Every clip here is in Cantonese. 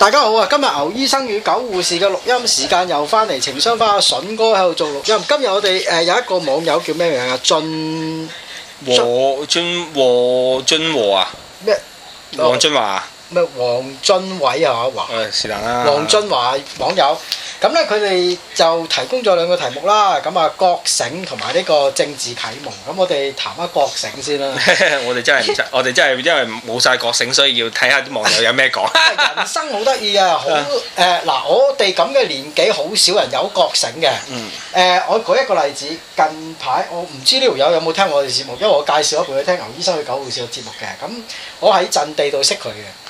大家好啊！今日牛醫生與狗護士嘅錄音時間又返嚟，情商返阿筍哥喺度做錄音。今日我哋誒有一個網友叫咩名啊？俊和俊和俊和啊咩？麼王俊華、啊。咩？黃俊偉啊，黃，黃俊華網友，咁咧佢哋就提供咗兩個題目啦。咁啊，覺醒同埋呢個政治啟蒙。咁我哋談下覺醒先啦 我哋真係唔得，我哋真係因為冇晒覺醒，所以要睇下啲網友有咩講。 人生好得意啊！好，誒嗱，我哋咁嘅年紀，好少人有覺醒嘅。誒、嗯、呃，我舉一個例子。近排我唔知呢條友有冇聽我哋節目，因為我介紹我陪佢聽牛醫生去九號線嘅節目嘅。咁我喺陣地度識佢嘅。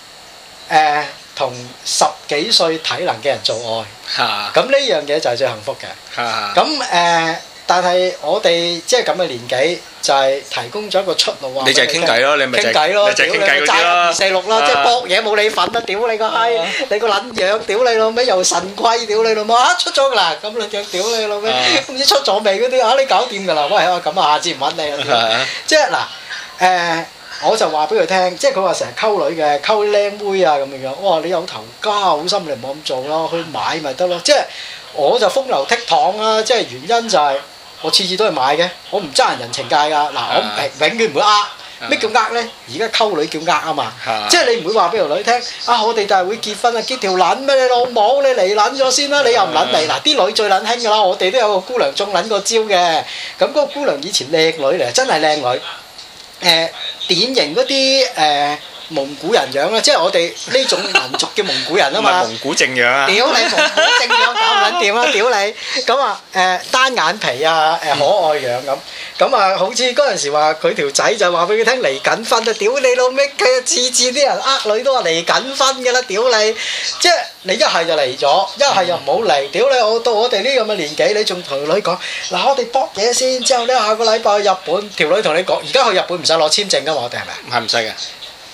誒同十幾歲體能嘅人做愛，咁呢樣嘢就係最幸福嘅。咁誒，但係我哋即係咁嘅年紀，就係提供咗一個出路啊！你就傾偈咯，你咪就傾偈咯，你凈係傾偈嗰啲啦。二四六啦，即係搏嘢冇你份啦，屌你個閪，你個撚樣，屌你老味，又神龜，屌你老母啊，出咗㗎啦！咁你仲屌你老味，唔知出咗未嗰啲啊？你搞掂㗎啦，喂啊！咁啊，下次唔揾你啦。即係嗱，誒。我就話俾佢聽，即係佢話成日溝女嘅，溝靚妹啊咁樣樣。我話你有頭家，好心你唔好咁做咯，去買咪得咯。即係我就風流倜儻啦，即係原因就係我次次都係買嘅，我唔爭人情界噶。嗱，我永遠唔會呃。咩叫呃呢？而家溝女叫呃啊嘛。即係你唔會話俾條女聽啊，我哋大會結婚啊，結條撚咩？你老母你嚟撚咗先啦，啊，你又唔撚嚟嗱？啲女最撚興噶啦，我哋都有個姑娘中撚個招嘅。咁，那、嗰個姑娘以前靚女嚟，真係靚女。誒，典型嗰啲誒。蒙古人樣啊，即、就、係、是、我哋呢種民族嘅蒙古人啊嘛。蒙古正樣啊！屌你蒙古正樣，搞唔捻掂啊？屌你咁啊誒單眼皮啊誒可愛樣咁咁、嗯嗯、啊，好似嗰陣時話佢條仔就話俾佢聽離緊婚啊！屌你老味，佢次次啲人呃女都話離緊婚㗎啦！屌你，即係你一係就嚟咗，一係又唔好嚟。屌、嗯、你、嗯你我，我到我哋呢咁嘅年紀，你仲同女講嗱，我哋搏嘢先，之後呢，下個禮拜去日本，條女同你講，而家去日本唔使攞簽證㗎嘛，我哋係咪？唔係唔使㗎。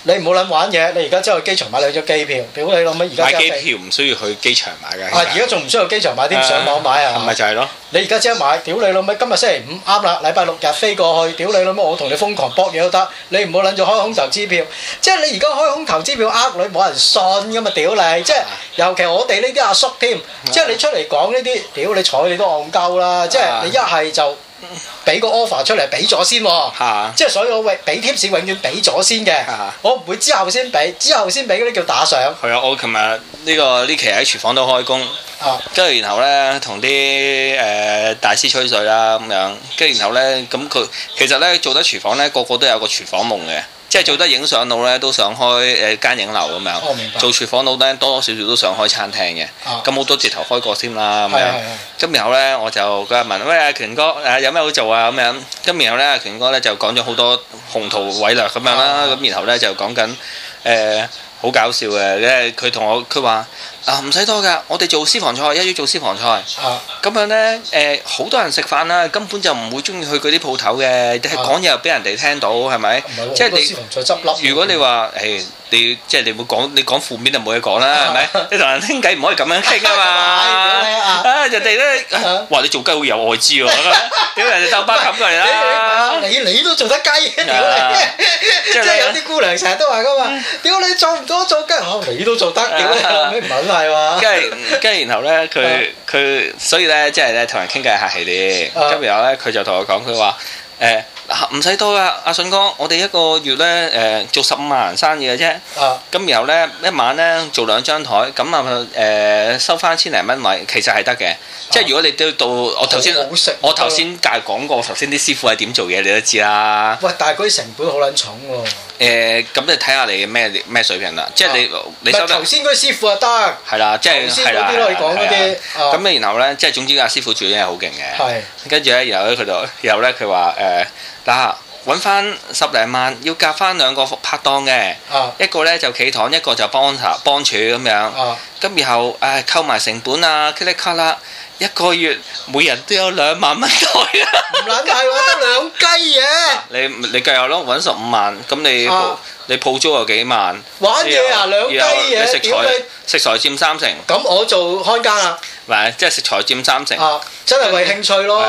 你唔好諗玩嘢，你而家即係去機場買兩張機票。屌你老味，而家買機票唔需要去機場買嘅。而家仲唔需要去機場買，啲、啊、上網買啊。咪、嗯、就係、是、咯。你而家即係買，屌你老母，今日星期五啱啦，禮拜六日飛過去，屌你老母，我同你瘋狂博嘢都得。你唔好諗住開空頭支票，即係你而家開空頭支票呃女，冇人信㗎嘛，屌你！即係尤其我哋呢啲阿叔添，啊、即係你出嚟講呢啲，屌你睬你都戇鳩啦，啊、即係你一係就。俾個 offer 出嚟，俾咗先、哦，啊、即係所以我永俾 tips，永遠俾咗先嘅，啊、我唔會之後先俾，之後先俾嗰啲叫打賞。係啊，我琴日呢個呢期喺廚房度開工，跟住、啊、然後咧同啲誒大師吹水啦咁樣，跟住然後咧咁佢其實咧做得廚房咧個個都有個廚房夢嘅。即係做得影相佬咧，都想開誒間、呃、影樓咁樣。哦、做廚房佬咧，多多少少都想開餐廳嘅。咁好多直頭開過先啦咁樣。咁、啊、吧然後咧，我就佢問：喂阿權、啊、哥，誒、啊、有咩好做啊？咁樣。咁然後咧，阿、啊、權哥咧就講咗好多宏圖偉略咁樣啦。咁、啊啊、然後咧就講緊誒好搞笑嘅，因為佢同我佢話。啊，唔使多噶，我哋做私房菜，一於做私房菜。啊，咁樣咧，誒，好多人食飯啦，根本就唔會中意去嗰啲鋪頭嘅，係講嘢又俾人哋聽到，係咪？即係你如果你話，誒，你即係你會講，你講負面就冇嘢講啦，係咪？你同人傾偈唔可以咁樣傾嘅嘛。人哋咧，哇！你做雞好有外資喎，屌人哋就班冚佢啦，你你都做得雞，你！即係有啲姑娘成日都話噶嘛，屌你做唔到做雞，我你都做得，係，跟住跟住，然後咧，佢佢 所以咧，即係咧，同人傾偈客氣啲，咁然後咧，佢就同我講，佢話誒。唔使多啦，阿信哥，我哋一個月咧，誒做十五萬人生意嘅啫。咁然後咧，一晚咧做兩張台，咁啊誒收翻千零蚊咪，其實係得嘅。即係如果你都到我頭先，我頭先介講過，頭先啲師傅係點做嘢，你都知啦。喂，但係嗰啲成本好撚重喎。誒，咁你睇下你咩咩水平啦。即係你你收頭先嗰師傅啊得。係啦，即係係啦。頭先嗰啲可以講嗰啲。咁然後咧，即係總之阿師傅做嘢係好勁嘅。係。跟住咧，然後咧，佢就，然後咧，佢話誒。嗱，揾翻十零萬，要夾翻兩個拍 a 嘅，啊、一個咧就企堂，一個就幫查幫咁樣，咁、啊、然後誒、哎、扣埋成本啊 c l 卡 c 啦，一個月每人都有兩萬蚊袋，唔撚係喎，得兩雞嘢，你你計下咯，揾十五萬，咁你。啊。你鋪租有幾萬，玩嘢啊，兩雞嘢、啊，料食材占三成。咁我做開間啦，咪即係食材占三成，啊、真係為興趣咯。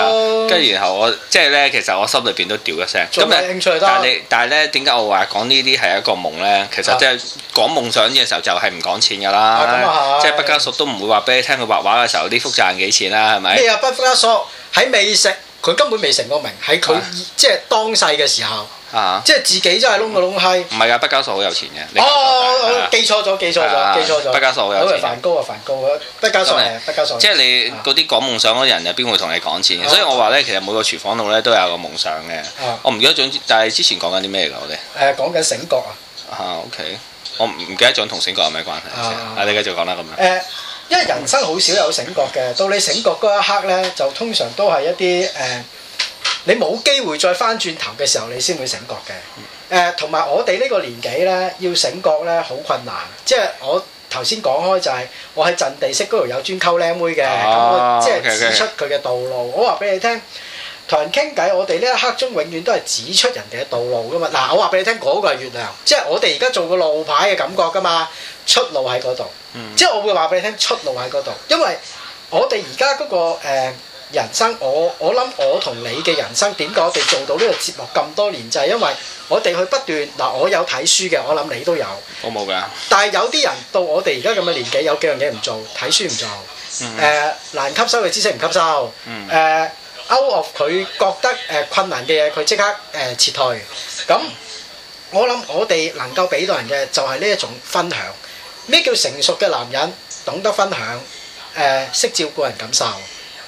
跟住然後我即係咧，其實我心裏邊都屌一聲。咁啊，但係你但係咧，點解我話講呢啲係一個夢咧？其實即係講夢想嘅時候就係唔講錢㗎啦。啊、即係畢加索都唔會話俾你聽，佢畫畫嘅時候呢幅賺幾錢啦，係咪？咩啊，畢加索喺美食。佢根本未成個名，喺佢即係當世嘅時候，即係自己真係窿個窿閪。唔係啊，畢加索好有錢嘅。哦，記錯咗，記錯咗，記錯咗。畢加索好有錢。好似梵高啊，梵高啊，畢加索即係你嗰啲講夢想嗰啲人，入邊會同你講錢？所以我話呢，其實每個廚房度呢都有個夢想嘅。我唔記得總之，但係之前講緊啲咩㗎？我哋誒講緊醒覺啊。啊，OK，我唔記得總之同醒覺有咩關係。你繼續講啦，咁樣。因為人生好少有醒覺嘅，到你醒覺嗰一刻咧，就通常都係一啲誒、呃，你冇機會再翻轉頭嘅時候，你先會醒覺嘅。誒、呃，同埋我哋呢個年紀咧，要醒覺咧，好困難。即係我頭先講開就係、是，我喺陣地式嗰度有專溝靚妹嘅，咁、啊、我即係指出佢嘅道路。啊、okay, okay. 我話俾你聽，同人傾偈，我哋呢一刻中永遠都係指出人哋嘅道路噶嘛。嗱、啊，我話俾你聽，嗰、那個係月亮，即係我哋而家做個路牌嘅感覺噶嘛。出路喺嗰度，嗯、即係我會話俾你聽，出路喺嗰度。因為我哋而家嗰個、呃、人生，我我諗我同你嘅人生點解我哋做到呢個節目咁多年，就係、是、因為我哋去不斷嗱、啊，我有睇書嘅，我諗你都有。我冇㗎。但係有啲人到我哋而家咁嘅年紀，有幾樣嘢唔做，睇書唔做，誒、呃、難吸收嘅知識唔吸收，誒 out 佢覺得誒困難嘅嘢，佢即刻誒、呃、撤退。咁我諗我哋能夠俾到人嘅就係呢一種分享。咩叫成熟嘅男人懂得分享？呃，識照顧人感受。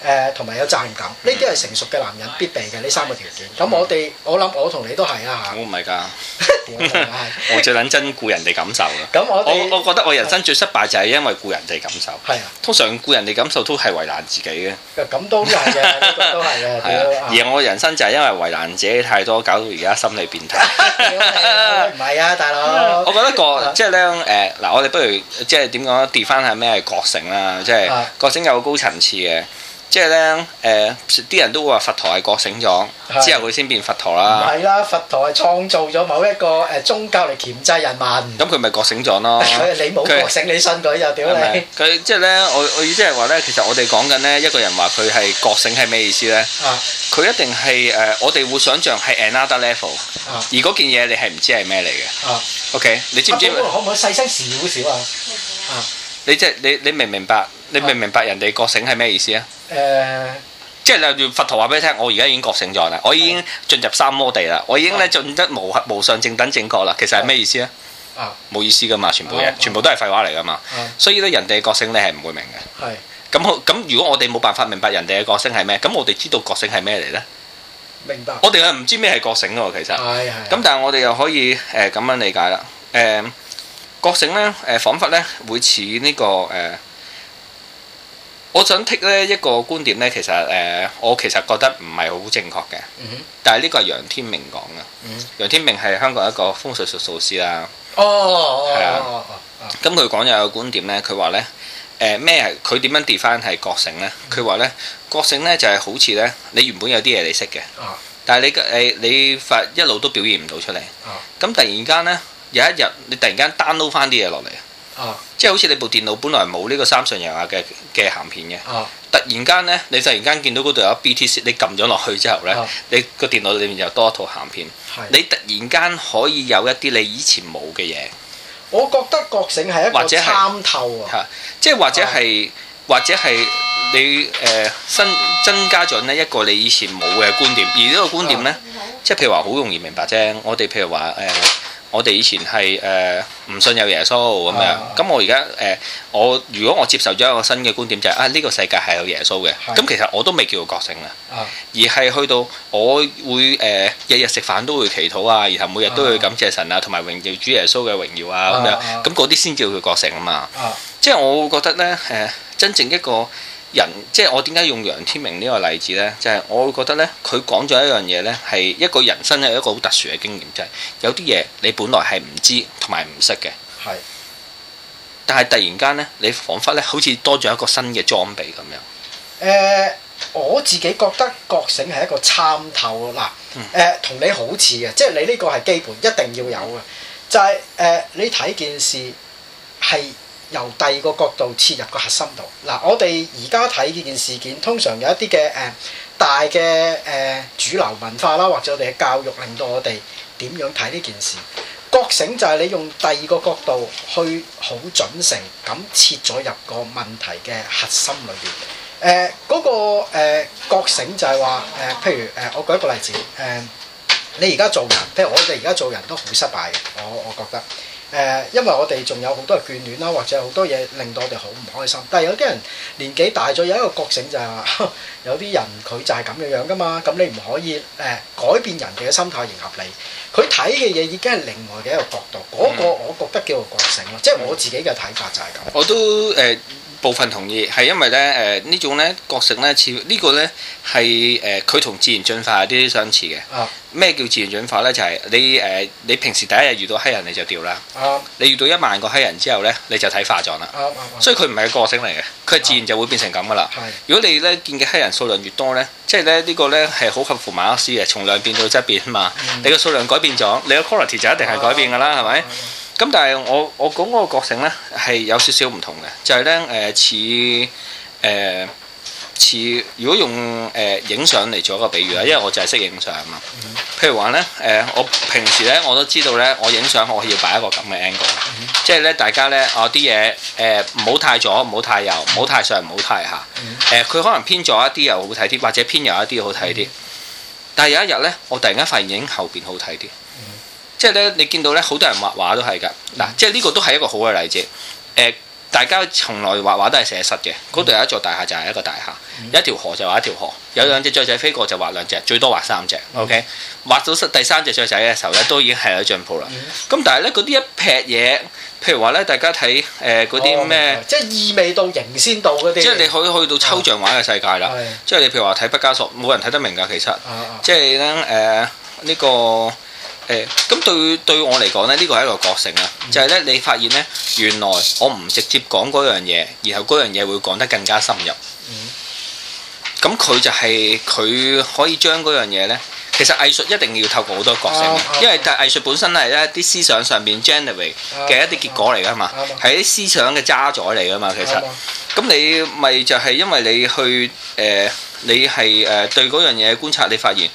誒同埋有責任感，呢啲係成熟嘅男人必備嘅呢三個條件。咁我哋，我諗我同你都係啊，我唔係㗎，我最撚真顧人哋感受㗎。咁我我我覺得我人生最失敗就係因為顧人哋感受。係啊，通常顧人哋感受都係為難自己嘅。咁都係嘅，都係嘅。係啊，而我人生就係因為為難自己太多，搞到而家心理變態。唔係啊，大佬。我覺得個即係咧誒嗱，我哋不如即係點講？跌返下咩係覺醒啦，即係覺醒有高層次嘅。即係咧，誒啲人都會話佛陀係覺醒咗，之後佢先變佛陀啦。唔係啦，佛陀係創造咗某一個誒宗教嚟鉗制人民。咁佢咪覺醒咗咯？你冇覺醒你信佢又屌你！佢即係咧，我我意思係話咧，其實我哋講緊咧，一個人話佢係覺醒係咩意思咧？佢一定係誒，我哋會想象係 another level，而嗰件嘢你係唔知係咩嚟嘅。OK 你知唔知？可唔可以細聲少少啊？你即係你你明唔明白？你明唔明白人哋覺醒係咩意思啊？誒，即係例如佛陀話俾你聽，我而家已經覺醒咗啦，我已經進入三摩地啦，我已經咧進得無無上正等正覺啦。其實係咩意思啊？冇意思噶嘛，全部嘢全部都係廢話嚟噶嘛。所以咧，人哋覺醒你係唔會明嘅。係咁咁，如果我哋冇辦法明白人哋嘅覺醒係咩，咁我哋知道覺醒係咩嚟咧？明白。我哋係唔知咩係覺醒喎，其實。係咁，但係我哋又可以誒咁樣理解啦。誒，覺醒咧誒，彷彿咧會似呢個誒。我想剔咧一個觀點咧，其實誒、呃，我其實覺得唔係好正確嘅。嗯、但係呢個係楊天明講嘅。嗯。楊天明係香港一個風水術數師啦。哦哦，是哦，咁佢講有個觀點咧，佢話咧誒咩？佢點樣跌翻係覺醒咧？佢話咧覺醒咧就係、是、好似咧，你原本有啲嘢你識嘅。但係你嘅你發一路都表現唔到出嚟。哦。咁突然間咧，有一日你突然間 download 翻啲嘢落嚟。即係好似你部電腦本來冇呢個三上悠亞嘅嘅鹹片嘅，啊、突然間呢，你突然間見到嗰度有 BTC，你撳咗落去之後呢，啊、你個電腦裏面又多一套鹹片，的你突然間可以有一啲你以前冇嘅嘢。我覺得覺醒係一個參透啊，即係或者係或者係你誒新、呃、增加咗呢一個你以前冇嘅觀點，而呢個觀點呢，即係譬如話好容易明白啫。我哋譬如話誒。呃呃呃呃我哋以前係誒唔信有耶穌咁樣，咁、啊、我而家誒，我如果我接受咗一個新嘅觀點，就係、是、啊呢、這個世界係有耶穌嘅，咁的其實我都未叫做覺醒啊，而係去到我會誒、呃、日日食飯都會祈禱啊，然後每日都會感謝神啊，同埋榮耀主耶穌嘅榮耀啊咁樣，咁嗰啲先叫佢覺醒啊嘛，啊啊啊即係我會覺得咧誒、呃，真正一個。人即係我點解用楊天明呢個例子咧？就係我會覺得咧，佢講咗一樣嘢咧，係一個人生係一個好特殊嘅經驗，就係有啲嘢你本來係唔知同埋唔識嘅。係。但係突然間咧，你彷彿咧，好似多咗一個新嘅裝備咁樣。誒，我自己覺得覺醒係一個參透嗱誒，同你好似嘅，即係你呢個係基本一定要有嘅，就係誒你睇件事係。由第二個角度切入個核心度。嗱，我哋而家睇呢件事件，通常有一啲嘅誒大嘅誒、呃、主流文化啦，或者我哋嘅教育，令到我哋點樣睇呢件事？覺醒就係你用第二個角度去好準成咁切咗入個問題嘅核心裏邊。誒、呃，嗰、嗰個誒、呃、覺醒就係話誒，譬如誒、呃，我舉一個例子誒、呃，你而家做人，即係我哋而家做人都好失敗嘅，我我覺得。誒，因為我哋仲有好多嘅眷戀啦，或者好多嘢令到我哋好唔開心。但係有啲人年紀大咗，有一個覺醒就係、話， 有啲人佢就係咁嘅樣㗎嘛。咁你唔可以誒、呃、改變人哋嘅心態理，迎合你。佢睇嘅嘢已經係另外嘅一個角度。嗰、嗯、個我覺得叫做覺醒咯，嗯、即係我自己嘅睇法就係咁。我都誒。呃部分同意，係因為咧誒、呃、呢種咧、這個性咧似呢個咧係誒佢同自然進化有啲相似嘅。咩、啊、叫自然進化咧？就係、是、你誒、呃、你平時第一日遇到黑人你就掉啦。啊、你遇到一萬個黑人之後咧，你就睇化妝啦。啊啊啊、所以佢唔係個性嚟嘅，佢自然就會變成咁噶啦。啊啊啊、如果你咧見嘅黑人數量越多咧，即係咧呢、這個咧係好合乎馬克思嘅，從量變到質變啊嘛。嗯嗯、你個數量改變咗，你個 quality 就一定係改變噶啦，係咪、啊？啊啊咁、嗯、但係我我講嗰個覺醒咧係有少少唔同嘅，就係咧誒似誒、呃、似如果用誒影相嚟做一個比喻啦，嗯、因為我就係識影相啊嘛。嗯、譬如話咧誒，我平時咧我都知道咧，我影相我要擺一個咁嘅 angle，即係咧大家咧哦啲嘢誒唔好太左，唔好太右，唔好太上，唔好太下。誒佢、嗯呃、可能偏左一啲又好睇啲，或者偏右一啲好睇啲。嗯、但係有一日咧，我突然間發現影後邊好睇啲。即係咧，你見到咧，好多人畫畫都係噶，嗱，即係呢個都係一個好嘅例子。誒，大家從來畫畫都係寫實嘅，嗰度有一座大廈就係一個大廈，一條河就畫一條河，有兩隻雀仔飛過就畫兩隻，最多畫三隻。OK，畫到第三隻雀仔嘅時候咧，都已經係有進步啦。咁但係咧，嗰啲一劈嘢，譬如話咧，大家睇誒嗰啲咩，即係意味到形先到嗰啲。即係你可以去到抽象畫嘅世界啦。即係你譬如話睇畢加索，冇人睇得明噶，其實即係咧誒呢個。咁對對我嚟講咧，呢個係一個覺醒啊！嗯、就係咧，你發現咧，原來我唔直接講嗰樣嘢，然後嗰樣嘢會講得更加深入。嗯。咁佢就係、是、佢可以將嗰樣嘢咧，其實藝術一定要透過好多覺醒。啊啊、因為但係藝術本身係一啲思想上邊 generate 嘅一啲結果嚟噶嘛，喺啲、啊啊啊、思想嘅揸咗嚟噶嘛，其實。咁、啊啊啊啊、你咪就係、是、因為你去誒、呃，你係誒對嗰樣嘢觀察，你發現。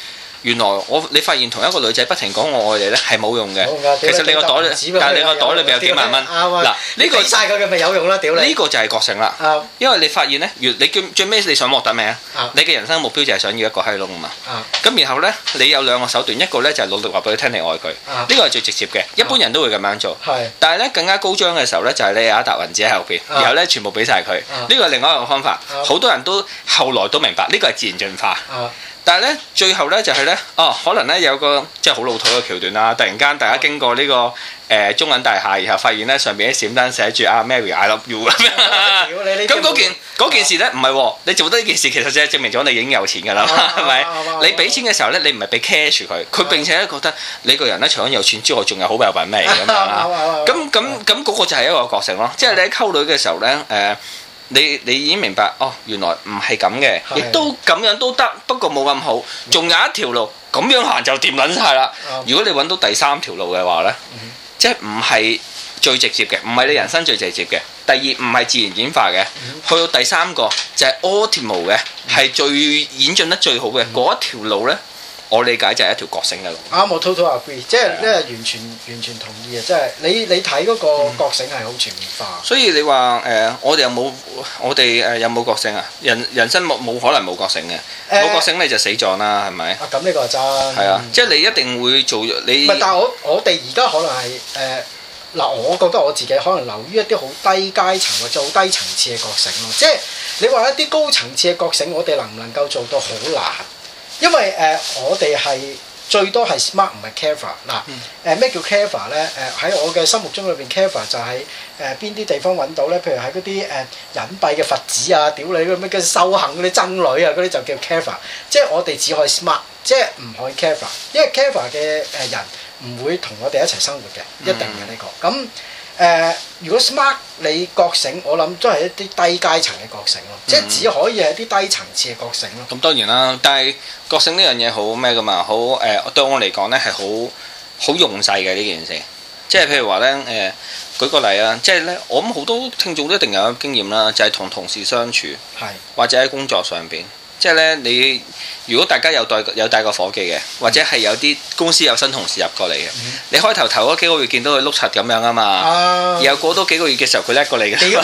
原來我你發現同一個女仔不停講我愛你咧係冇用嘅，其實你個袋，但係你個袋裏邊有幾萬蚊。嗱呢個俾曬佢佢咪有用啦，屌你！呢個就係覺醒啦，因為你發現咧，越你最最尾你想獲得咩啊？你嘅人生目標就係想要一個閪窿啊嘛。咁然後咧，你有兩個手段，一個咧就係努力話俾佢聽你愛佢，呢個係最直接嘅，一般人都會咁樣做。但係咧更加高張嘅時候咧，就係你有一沓銀紙喺後邊，然後咧全部俾曬佢，呢個係另外一個方法。好多人都後來都明白，呢個係自然進化。但係咧，最後咧就係、是、咧，哦、喔，可能咧有個即係好老土嘅橋段啦。突然間大家經過呢、這個誒、呃、中銀大廈，然後發現咧上邊啲閃燈寫住阿 Mary I love you 咁樣。咁嗰件、啊、件事咧，唔係喎，你做得呢件事其實就係證明咗你已經有錢噶啦，係咪、啊啊？你俾錢嘅時候咧，你唔係俾 cash 佢，佢並且咧覺得你個人咧除咗有錢之外，仲有、啊、好品味嚟咁樣。咁咁咁嗰個就係一個角色咯，即係你喺溝女嘅時候咧，誒、呃。你你已經明白哦，原來唔係咁嘅，的亦都咁樣都得，不過冇咁好。仲、嗯、有一條路咁樣行就掂撚晒啦。嗯、如果你揾到第三條路嘅話呢，嗯、即係唔係最直接嘅，唔係你人生最直接嘅。第二唔係自然演化嘅，嗯、去到第三個就係 ultimate 嘅，係最演進得最好嘅嗰、嗯、一條路呢。我理解就係一條覺醒嘅路。啱我 totally agree，即係咧完全的完全同意啊！即、就、係、是、你你睇嗰個覺醒係好全面化。所以你話誒、呃，我哋有冇我哋誒有冇覺醒啊？人人生冇冇可能冇覺醒嘅，冇、呃、覺醒你就死咗啦，係咪？啊，咁、這、呢個係真。係啊的，嗯、即係你一定會做你但。但係我我哋而家可能係誒嗱，我覺得我自己可能留於一啲好低階層或者好低層次嘅覺醒咯。即係你話一啲高層次嘅覺醒，我哋能唔能夠做到好難？因為誒、呃，我哋係最多係 smart 唔係 c a v a 嗱。誒、呃、咩叫 c a v a 咧？誒、呃、喺我嘅心目中裏邊 c a v a 就係誒邊啲地方揾到咧？譬如喺嗰啲誒隱蔽嘅佛寺啊，屌你嗰啲咩修行嗰啲僧侶啊，嗰啲就叫 c a v a。即係我哋只可以 smart，即係唔可以 c a v a。因為 c a v a 嘅誒人唔會同我哋一齊生活嘅，一定嘅呢個咁。嗯。誒、呃，如果 smart 你覺醒，我諗都係一啲低階層嘅覺醒咯，即係、嗯、只可以係啲低層次嘅覺醒咯。咁、嗯、當然啦，但係覺醒呢樣嘢好咩噶嘛？好誒、呃，對我嚟講咧係好好用晒嘅呢件事。即係譬如話咧誒，舉個例啊，即係咧，我諗好多聽眾都一定有經驗啦，就係、是、同同事相處，是或者喺工作上邊。即係咧，你如果大家有帶有帶個伙計嘅，或者係有啲公司有新同事入過嚟嘅，你開頭頭嗰幾個月見到佢碌柒咁樣啊嘛，然後過多幾個月嘅時候，佢叻過你嘅。屌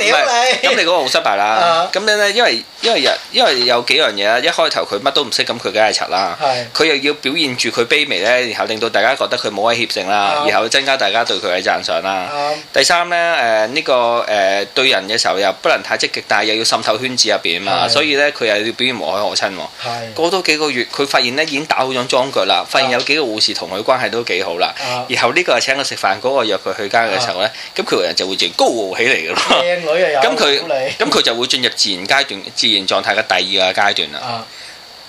你咁你嗰個好失敗啦。咁樣咧，因為因為有因為有幾樣嘢啦，一開頭佢乜都唔識，咁佢梗係柒啦。佢是又要表現住佢卑微咧，然後令到大家覺得佢冇威脅性啦，然後增加大家對佢嘅讚賞啦。啊啊啊、第三咧，誒、這、呢個誒、呃、對人嘅時候又不能太積極，但係又要滲透圈子入邊嘛，的所以咧佢又要表現無害可親。係的過多幾個月，佢發現咧已經打好咗樁腳啦。發現有幾個護士同佢關係都幾好啦。啊、然後呢個係請佢食飯，嗰、那個約佢去街嘅時候咧，咁佢個人就會高傲起嚟㗎咯。靚咁佢咁佢就會進入自然階段自然狀態嘅第二個階段啦。啊、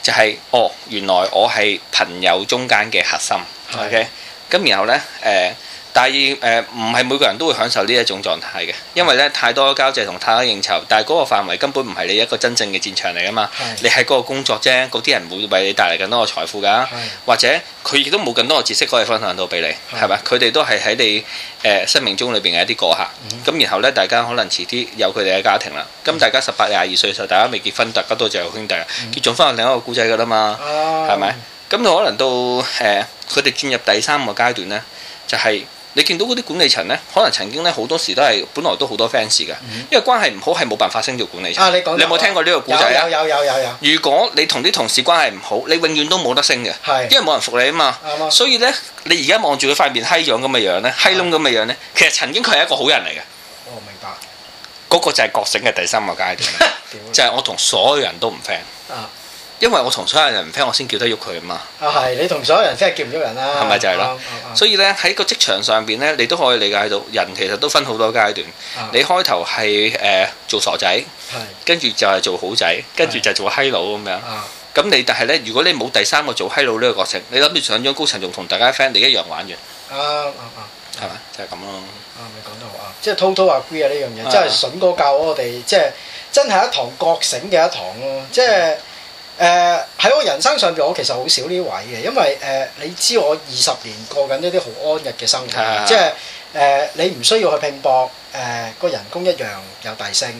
就係、是、哦，原來我係朋友中間嘅核心。O K，咁然後咧誒。呃第二誒唔係每個人都會享受呢一種狀態嘅，因為咧太多交際同太多應酬，但係嗰個範圍根本唔係你一個真正嘅戰場嚟噶嘛，是的 你喺嗰個工作啫，嗰啲人唔會為你帶嚟更多嘅財富噶、啊，是的 或者佢亦都冇更多嘅知識可以分享到俾你，係咪是的？佢哋都係喺你誒、呃、生命中裏邊嘅一啲過客，咁、嗯、然後咧大家可能遲啲有佢哋嘅家庭啦，咁、嗯、大家十八廿二歲嘅時候大家未結婚，大家都就有兄弟，結咗婚係另一個故仔噶啦嘛，係咪、嗯？咁到可能到誒佢哋進入第三個階段咧，就係、是。你見到嗰啲管理層呢，可能曾經呢好多時都係本來都好多 fans 嘅，嗯、因為關係唔好係冇辦法升做管理層、啊。你講你有冇聽過呢個故仔啊？有有有有。有有如果你同啲同事關係唔好，你永遠都冇得升嘅。是因為冇人服你啊嘛。的所以呢，你而家望住佢塊面閪樣咁嘅樣呢，閪窿咁嘅樣呢，的其實曾經佢係一個好人嚟嘅。我、哦、明白。嗰個就係覺醒嘅第三個階段， 就係我同所有人都唔 friend。啊因為我同所有人唔 friend，我先叫得喐佢啊嘛。啊係，你同所有人 friend 叫唔喐人啦。係咪就係咯？所以咧喺個職場上邊咧，你都可以理解到人其實都分好多階段。你開頭係誒做傻仔，跟住就係做好仔，跟住就做閪佬咁樣。咁你但係咧，如果你冇第三個做閪佬呢個角色，你諗住想做高層，仲同大家 friend，你一樣玩完。啊啊啊！係咪，就係咁咯。啊，你講得好啱。即係滔滔話 agree 啊呢樣嘢，即係筍哥教我哋，即係真係一堂覺醒嘅一堂咯，即係。誒喺、呃、我人生上邊，我其實好少呢位嘅，因為誒、呃、你知我二十年過緊一啲好安逸嘅生活，的即係誒、呃、你唔需要去拼搏，誒、呃、個人工一樣有提升。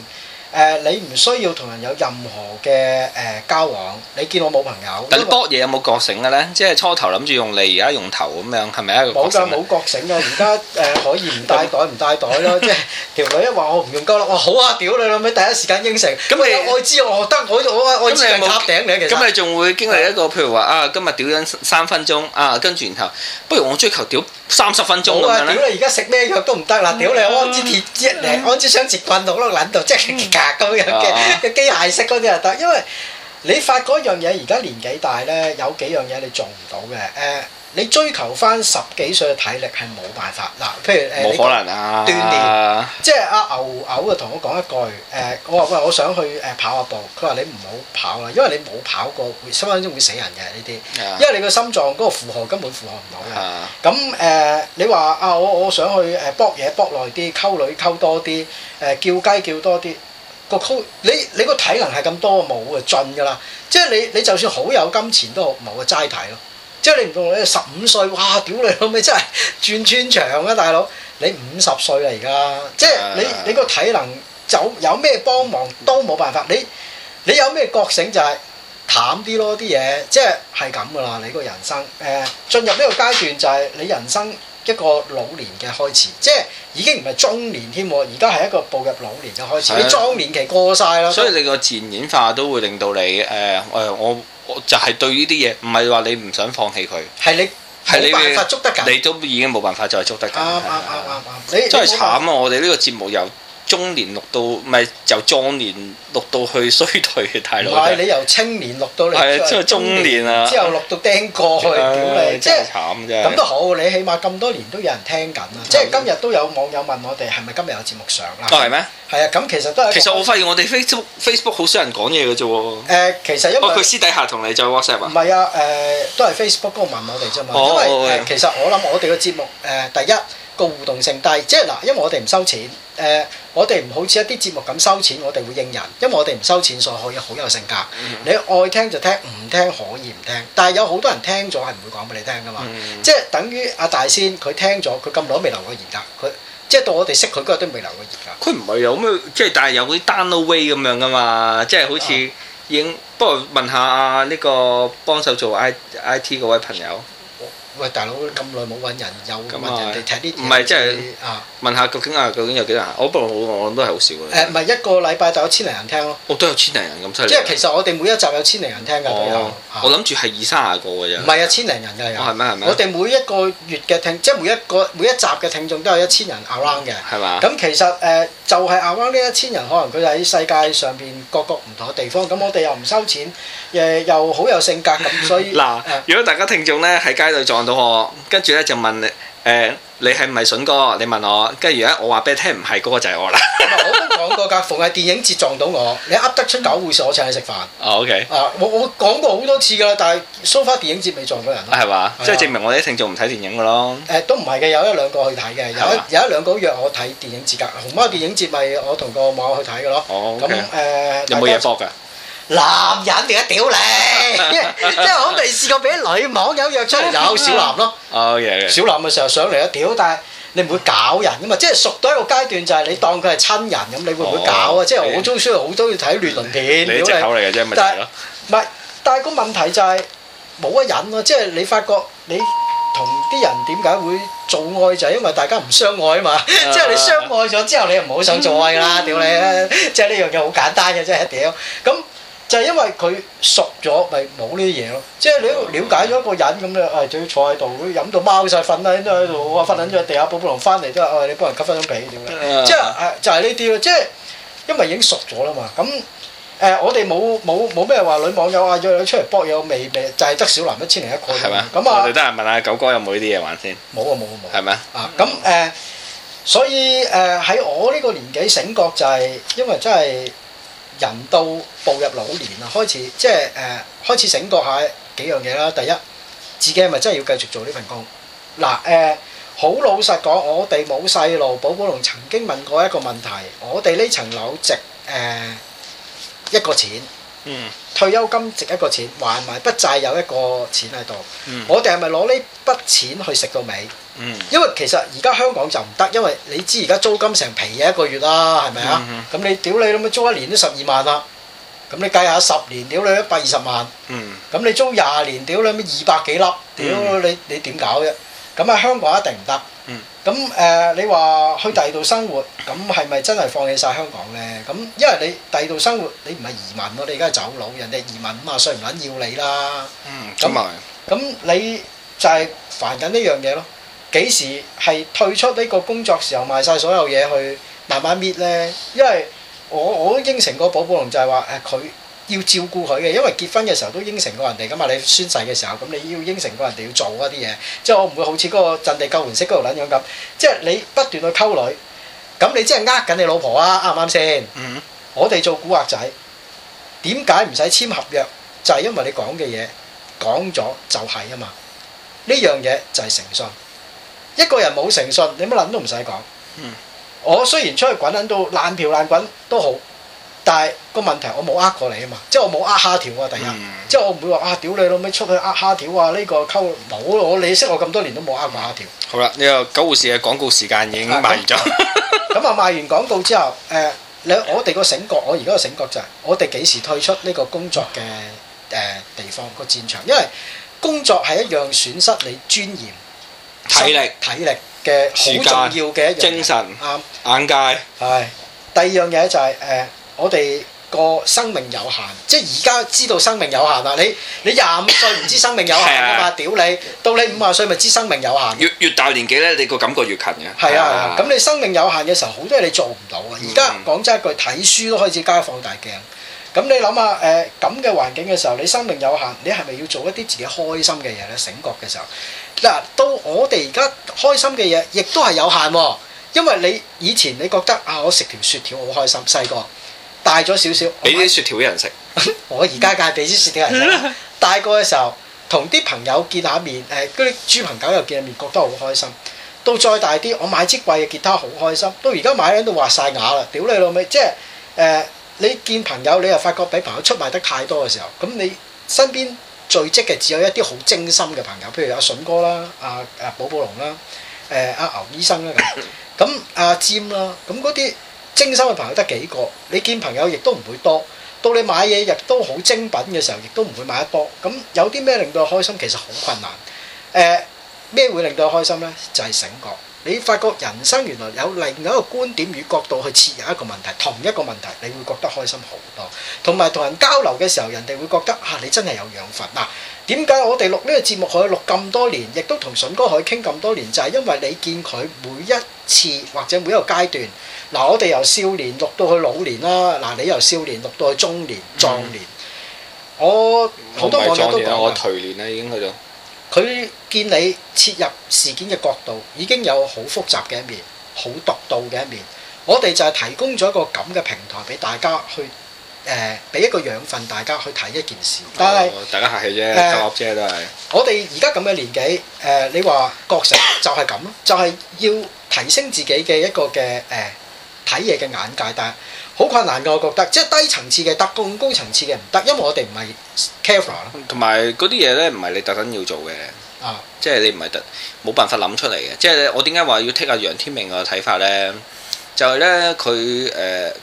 誒你唔需要同人有任何嘅誒交往，你見我冇朋友。咁你多嘢有冇覺醒嘅咧？即係初頭諗住用脷，而家用頭咁樣，係咪一個？冇㗎，冇覺醒嘅。而家誒可以唔帶袋，唔帶袋咯。 即係條女一話我唔用鳩啦，哇好啊，屌你老尾，第一時間應承。咁你我愛知我得我我我頂你一個人頂嘅其實。咁你仲會經歷一個譬如話啊，今日屌緊三分鐘啊，跟住然後不如我追求屌三十分鐘啦，啊。屌你而家食咩藥都唔得啦，屌你安之鐵一嚟，安之想直棍到度，即係咁樣嘅嘅、啊、機械式嗰啲又得，因為你發覺嗰樣嘢而家年紀大咧，有幾樣嘢你做唔到嘅。誒、呃，你追求翻十幾歲嘅體力係冇辦法。嗱，譬如冇可能誒，鍛鍊，即係阿牛牛啊，同、啊、我講一句誒、呃，我話喂，我想去誒、呃、跑下步，佢話你唔好跑啦，因為你冇跑過，會分分鐘會死人嘅呢啲。啊、因為你個心臟嗰個負荷根本負荷唔到嘅。咁誒、啊，你話啊，我我想去誒搏嘢搏耐啲，溝女溝多啲，誒叫雞叫多啲。個你你個體能係咁多冇嘅盡㗎啦，即係你你就算好有金錢都冇嘅，齋睇咯，即係你唔同你十五歲，哇屌你老味真係轉轉牆啊大佬，你五十歲啦而家，即係你你個體能有有咩幫忙都冇辦法，你你有咩覺醒就係淡啲咯啲嘢，即係係咁㗎啦你個人生誒進、呃、入呢個階段就係你人生，一個老年嘅開始，即係已經唔係中年添，而家係一個步入老年嘅開始。的你中年期過晒啦，所以你個自然演化都會令到你誒誒、呃，我就係對呢啲嘢，唔係話你唔想放棄佢，係你冇你辦法捉得緊，你都已經冇辦法再捉得緊你真係的慘啊！我哋呢個節目有。中年錄到唔係由壯年錄到去衰退嘅態度。唔係你由青年錄到你即係中年啊。之後錄到釘過去，屌你，即係慘啫，咁都好，你起碼咁多年都有人聽緊啊！即係今日都有網友問我哋係咪今日有節目上啦。都係咩？係啊，咁其實都係。其實我發現我哋 Facebook Facebook 好少人講嘢嘅啫喎。誒，其實因為佢私底下同你就 WhatsApp 啊？唔係啊，誒，都係 Facebook 度問我哋啫嘛。因為其實我諗我哋嘅節目誒，第一。個互動性，低，即係嗱，因為我哋唔收錢，誒、呃，我哋唔好似一啲節目咁收錢，我哋會應人，因為我哋唔收錢，所以可以好有性格。Mm hmm. 你愛聽就聽，唔聽可以唔聽。但係有好多人聽咗係唔會講俾你聽㗎嘛，mm hmm. 嘛，即係等於阿大仙佢聽咗，佢咁耐都未留過言噶，佢即係到我哋識佢嗰日都未留過言噶。佢唔係有咩，即係但係有啲 d o w a y 咁樣㗎嘛，即係好似應。不過問下阿呢個幫手做 IT 嗰位朋友。喂，大佬，咁耐冇揾人，有咁問人哋踢啲唔係，即係啊，嗯、問下究竟啊，究竟有幾多人？我部我諗都係好少嘅。誒、呃，唔係一個禮拜就有千零人聽咯。我、哦、都有千零人咁犀利。即係其實我哋每一集有千零人聽㗎。哦呃、我諗住係二三廿個嘅啫。唔係啊，千零人嘅。有、哦。係咩？我哋每一個月嘅聽，即係每一個每一集嘅聽眾都有一千人 around 嘅。係嘛嗎？咁其實誒、呃，就係、是、around 呢一千人，可能佢喺世界上邊各個唔同嘅地方。咁我哋又唔收錢。又好有性格咁，所以嗱，喏如果大家聽眾呢喺街度撞到我，跟住呢就問你誒、呃，你係唔係筍哥？你問我，跟住而家我話俾你聽，唔係嗰個就係我啦。我都講過噶， 逢係電影節撞到我，你噏得出狗會所我請你食飯。哦、o、okay、k、啊、我我講過好多次噶啦，但係蘇花電影節未撞到人。啊吧，係嘛吧？即係證明我哋啲聽眾唔睇電影噶咯。呃、都唔係嘅，有一兩個去睇嘅，有一吧有一兩個約我睇電影節噶。紅貓電影節咪我同個馬去睇嘅咯。咁、哦 okay 呃、有冇嘢搏嘅？男人定係屌你，即係我未試過俾女網友約出嚟搞小男咯。小男咪成日上嚟一屌！但係你唔會搞人㗎嘛，即係熟到一個階段就係你當佢係親人咁，你會唔會搞啊？即係我好中意，好中意睇亂倫片。你隻口嚟嘅啫，咪係咯。唔係，但係個問題就係冇得忍咯。即係你發覺你同啲人點解會做愛，就係因為大家唔相愛啊嘛。即係你相愛咗之後，你又唔好想做愛啦，屌你啊！即係呢樣嘢好簡單嘅，即係一屌。咁就係因為佢熟咗，咪冇呢啲嘢咯。即係你瞭解咗一個人咁咧，誒，仲要坐喺度飲到貓曬瞓喺度喺度。我話瞓緊咗地下，寶寶龍翻嚟都話：我話你幫人吸翻張被點嘅？即係就係呢啲咯。即係因為已經熟咗啦嘛。咁誒，我哋冇冇冇咩話女網友啊約女出嚟搏友未未？就係得小男一千零一個。係嘛？咁啊，我哋得閒問下九哥有冇呢啲嘢玩先。冇啊冇啊冇。係咪啊？啊，咁誒，所以誒喺我呢個年紀醒覺就係因為真係。人到步入老年啊，開始即係誒開始醒覺下幾樣嘢啦。第一，自己係咪真係要繼續做呢份工？嗱誒，好、呃、老實講，我哋冇細路。寶寶龍曾經問過一個問題：我哋呢層樓值誒、呃、一個錢，嗯，退休金值一個錢，還埋筆債有一個錢喺度，嗯、我哋係咪攞呢筆錢去食到尾？嗯、因為其實而家香港就唔得，因為你知而家租金成皮嘅一個月啦，係咪啊？咁、嗯嗯、你屌你咁樣租一年都十二萬啦，咁你計下十年屌你一百二十萬，咁、嗯、你租廿年屌你咁二百幾粒，屌、嗯、你你點搞啫？咁啊香港一定唔得。咁誒、嗯呃，你話去第二度生活，咁係咪真係放棄晒香港呢？咁因為你第二度生活你唔係移民咯，你而家走佬，人哋移民五啊歲唔撚要你啦。咁啊，咁你就係煩緊呢樣嘢咯。幾時係退出呢個工作時候賣晒所有嘢去慢慢搣咧？因為我我應承過寶寶龍就係話誒，佢、啊、要照顧佢嘅。因為結婚嘅時候都應承過人哋噶嘛，你宣誓嘅時候咁，你要應承過人哋要做嗰啲嘢，即係我唔會好似嗰個陣地救援式嗰度撚樣咁，即係你不斷去溝女咁，你即係呃緊你老婆啊啱唔啱先？嗯，mm hmm. 我哋做古惑仔點解唔使簽合約？就係、是、因為你講嘅嘢講咗就係啊嘛，呢樣嘢就係誠信。一個人冇誠信，你乜撚都唔使講。嗯、我雖然出去滾撚到爛嫖爛滾都好，但係個問題我冇呃過你啊嘛，即係我冇呃蝦、嗯啊、蝦條啊，第一，即係我唔會話啊屌你老味出去呃蝦條啊呢個溝冇，我你識我咁多年都冇呃過蝦條。好啦，呢個九護士嘅廣告時間已經賣完咗。咁啊、嗯嗯嗯嗯、賣完廣告之後，誒、呃、你我哋個醒覺，我而家個醒覺就係我哋幾時退出呢個工作嘅誒、呃、地方個戰場，因為工作係一樣損失你尊嚴。 體力、體力嘅好重要嘅一樣，精神啊眼界。係、哎、第二樣嘢就係、是、誒、呃，我哋個生命有限，即係而家知道生命有限啦。你你廿五歲唔知生命有限啊嘛，屌你！到你五十歲咪知生命有限。越越大年紀咧，你個感覺越近嘅。係啊，咁、啊啊啊、你生命有限嘅時候，好多嘢你做唔到啊。而家、嗯、講真一句，睇書都開始加放大鏡。咁你諗下，誒咁嘅環境嘅時候，你生命有限，你係咪要做一啲自己開心嘅嘢咧？醒覺嘅時候，嗱，到我哋而家開心嘅嘢，亦都係有限喎，因為你以前你覺得啊，我食條雪條好開心，細個大咗少少，俾啲雪條啲人食，我而家戒俾啲雪條人食 大個嘅時候，同啲朋友見下面，誒嗰啲豬朋狗友見下面，覺得好開心。到再大啲，我買支貴嘅吉他好開心。到而家買喺度話晒牙啦，屌你老味，即係誒。呃你見朋友，你又發覺畀朋友出賣得太多嘅時候，咁你身邊聚積嘅只有一啲好精心嘅朋友，譬如阿筍哥啦、阿、啊、阿寶寶龍啦、誒、啊、阿牛醫生啦，咁阿占啦，咁嗰啲精心嘅朋友得幾個？你見朋友亦都唔會多，到你買嘢亦都好精品嘅時候，亦都唔會買得多。咁有啲咩令到你開心？其實好困難。誒、呃、咩會令到你開心咧？就係、是、醒覺。你發覺人生原來有另一個觀點與角度去切入一個問題，同一個問題你會覺得開心好多，同埋同人交流嘅時候，人哋會覺得嚇、啊、你真係有養分嗱。點、啊、解我哋錄呢個節目可以錄咁多年，亦都同筍哥可以傾咁多年，就係、是、因為你見佢每一次或者每一個階段嗱、啊，我哋由少年錄到去老年啦，嗱、啊、你由少年錄到去中年、壯年，嗯、我好、嗯、很多網友都講，我頹年咧已經去咗。佢見你切入事件嘅角度已經有好複雜嘅一面，好獨到嘅一面。我哋就係提供咗一個咁嘅平台俾大家去，誒、呃，俾一個養分大家去睇一件事。但係、哦、大家客氣啫，啫都係。我哋而家咁嘅年紀，誒、呃，你話角色就係咁咯，就係、是、要提升自己嘅一個嘅誒睇嘢嘅眼界，但係。好困難㗎，我覺得即係低層次嘅，得咁高層次嘅唔得，因為我哋唔係 careful 咯。同埋嗰啲嘢咧，唔係你特登要做嘅，啊，即係你唔係特冇辦法諗出嚟嘅。即係我點解話要 take 下楊天明個睇法咧？就係咧，佢誒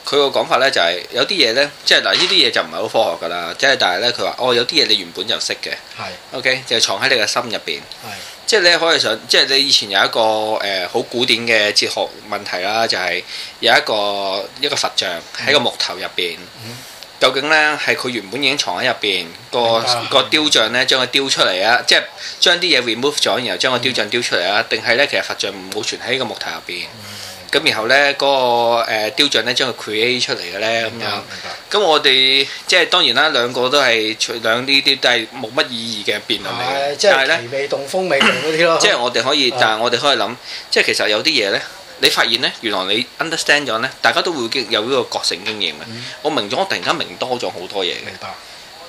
佢個講法咧，就係、是、有啲嘢咧，即係嗱呢啲嘢就唔係好科學㗎啦。即、就、係、是、但係咧，佢話哦，有啲嘢你原本就識嘅是，OK，就藏喺你嘅心入邊。是即係你可以想，即係你以前有一個誒好、呃、古典嘅哲學問題啦，就係、是、有一個一個佛像喺個木頭入邊，嗯、究竟咧係佢原本已經藏喺入邊個個雕像咧，將佢雕出嚟啊！白即係將啲嘢 remove 咗，然後將個雕像雕出嚟啊？定係咧其實佛像唔好存喺個木頭入邊？嗯咁然後咧，嗰、那個、呃、雕像咧，將佢 create 出嚟嘅咧，咁樣。咁我哋即係當然啦，兩個都係兩呢啲都係冇乜意義嘅辯論嚟。即係咧，未動風未嗰啲咯。即係我哋可以，啊、但係我哋可以諗，即係其實有啲嘢咧，你發現咧，原來你 understand 咗咧，大家都會有呢個覺醒經驗嘅。嗯、我明咗，我突然間明多咗好多嘢。明白。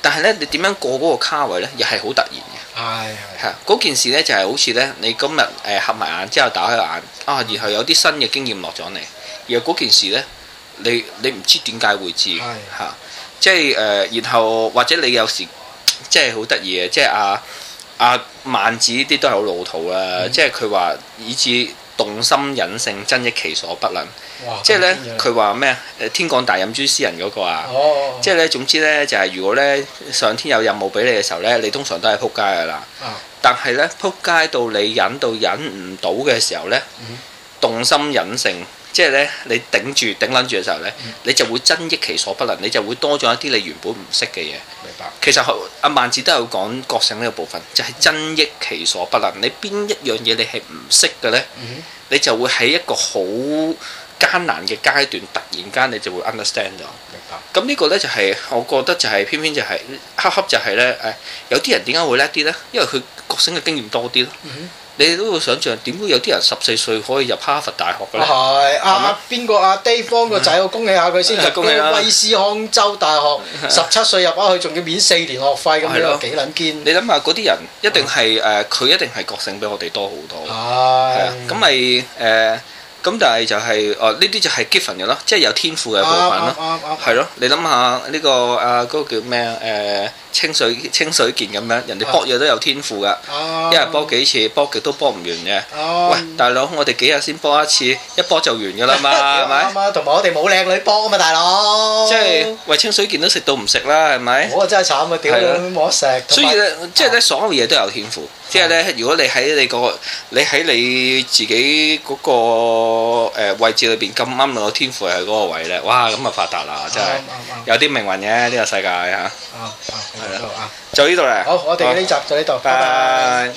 但係咧，你點樣過嗰個卡位咧？又係好突然嘅。係係、哎。嚇，嗰件事咧就係、是、好似咧，你今日誒、呃、合埋眼之後打開眼，啊，然後有啲新嘅經驗落咗你，而後嗰件事咧，你你唔知點解會知嚇，即係誒，然後、哎啊、然後或者你有時即係好得意嘅，即係阿阿孟子啲都係好老土啦，嗯、即係佢話以至動心忍性，增益其所不能。即係咧，佢話咩啊？誒，天降大任於斯人嗰個啊，即係咧，總之咧，就係如果咧上天有任務俾你嘅時候咧，你通常都係撲街噶啦。嗯、但係咧，撲街到你忍到忍唔到嘅時候咧，嗯、動心忍性，即係咧，你頂住頂撚住嘅時候咧，嗯、你就會增益其所不能，你就會多咗一啲你原本唔識嘅嘢。明白。其實阿孟子都有講覺醒呢個部分，就係、是、增益其所不能。你邊一樣嘢你係唔識嘅咧？你就會喺一個好艱難嘅階段，突然間你就會 understand 咗。明白。咁呢個呢，就係我覺得就係偏偏就係恰恰就係呢。誒，有啲人點解會叻啲呢？因為佢覺醒嘅經驗多啲咯。嗯。你都會想象點會有啲人十四歲可以入哈佛大學嘅呢？係啊，邊個啊 Dave 方個仔，我恭喜下佢先。恭喜威斯康州大學十七歲入啊，去仲要免四年學費咁樣，幾撚堅？你諗下嗰啲人一定係誒，佢一定係覺醒比我哋多好多。係。咁咪誒？咁但係就係、是，哦呢啲就係 given 嘅咯，即係有天賦嘅部分咯。係咯、啊啊啊，你諗下呢個啊嗰、嗰個叫咩啊？誒、呃。清水清水健咁樣，人哋波嘢都有天賦㗎，一日波幾次，波極都波唔完嘅。喂，大佬，我哋幾日先波一次，一波就完㗎啦嘛，係咪？同埋我哋冇靚女波啊嘛，大佬。即係喂清水健都食到唔食啦，係咪？我啊真係慘啊！屌你冇得食。所以咧，即係咧，所有嘢都有天賦。即係咧，如果你喺你個，你喺你自己嗰個誒位置裏邊咁啱攞天賦喺嗰個位咧，哇咁啊發達啦！真係有啲命運嘅呢個世界嚇。好啊，就呢度啦。好，好，我哋呢集就呢度，好，拜拜。拜拜。